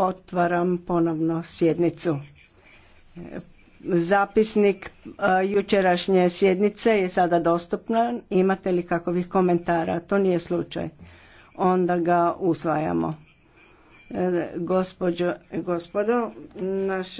Otvaram ponovno sjednicu. Zapisnik e, jučerašnje sjednice je sada dostupan. Imate li kakovih komentara? To nije slučaj. Onda ga usvajamo. E, gospodo, naš